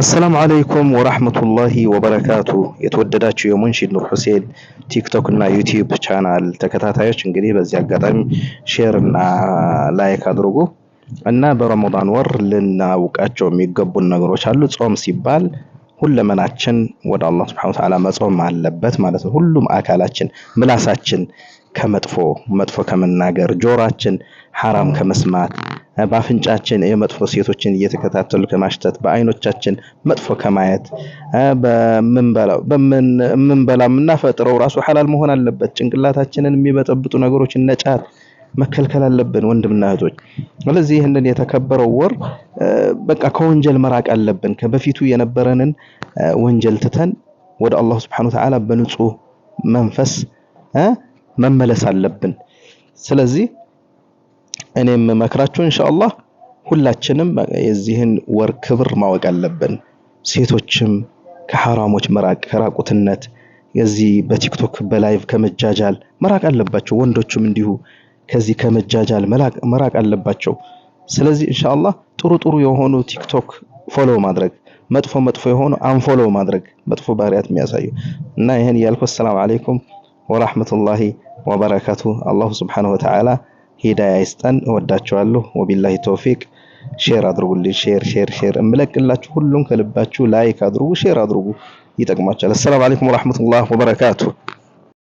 አሰላሙ አለይኩም ወራህመቱላሂ ወበረካቱ። የተወደዳችሁ የሙንሺድ ኑር ሁሴን ቲክቶክ እና ዩቲዩብ ቻናል ተከታታዮች እንግዲህ በዚህ አጋጣሚ ሼር እና ላይክ አድርጉ እና በረመዳን ወር ልናውቃቸው የሚገቡን ነገሮች አሉ። ጾም ሲባል ሁለመናችን ወደ አላህ ሱብሐነሁ ወተዓላ መጾም አለበት ማለት ነው። ሁሉም አካላችን፣ ምላሳችን ከመጥፎ መጥፎ ከመናገር፣ ጆሯችን ሐራም ከመስማት በአፍንጫችን የመጥፎ ሴቶችን እየተከታተሉ ከማሽተት፣ በአይኖቻችን መጥፎ ከማየት፣ በምንበላ የምናፈጥረው ራሱ ሐላል መሆን አለበት። ጭንቅላታችንን የሚበጠብጡ ነገሮችን ነጫት መከልከል አለብን ወንድምና እህቶች። ስለዚህ ይህንን የተከበረው ወር በቃ ከወንጀል መራቅ አለብን። ከበፊቱ የነበረንን ወንጀል ትተን ወደ አላሁ ሱብሓነሁ ወተዓላ በንጹህ መንፈስ መመለስ አለብን። ስለዚህ እኔም መክራችሁ ኢንሻአላህ ሁላችንም የዚህን ወር ክብር ማወቅ አለብን። ሴቶችም ከሐራሞች መራቅ ከራቁትነት የዚህ በቲክቶክ በላይቭ ከመጃጃል መራቅ አለባቸው። ወንዶችም እንዲሁ ከዚህ ከመጃጃል መራቅ አለባቸው። ስለዚህ ኢንሻአላህ ጥሩ ጥሩ የሆኑ ቲክቶክ ፎሎ ማድረግ፣ መጥፎ መጥፎ የሆኑ አንፎሎ ማድረግ፣ መጥፎ ባህሪያት የሚያሳዩ እና ይህን እያልኩ አሰላም አለይኩም ወራህመቱላሂ ወበረካቱ። አላሁ ስብሓነሁ ወተዓላ ሂዳያ ይስጠን። እወዳችኋለሁ። ወቢላሂ ተውፊቅ። ሼር አድርጉልኝ። ሼር ሼር ሼር እምለቅላችሁ ሁሉም ከልባችሁ ላይክ አድርጉ፣ ሼር አድርጉ። ይጠቅማችኋል። አሰላሙ አለይኩም ወራህመቱላህ ወበረካቱ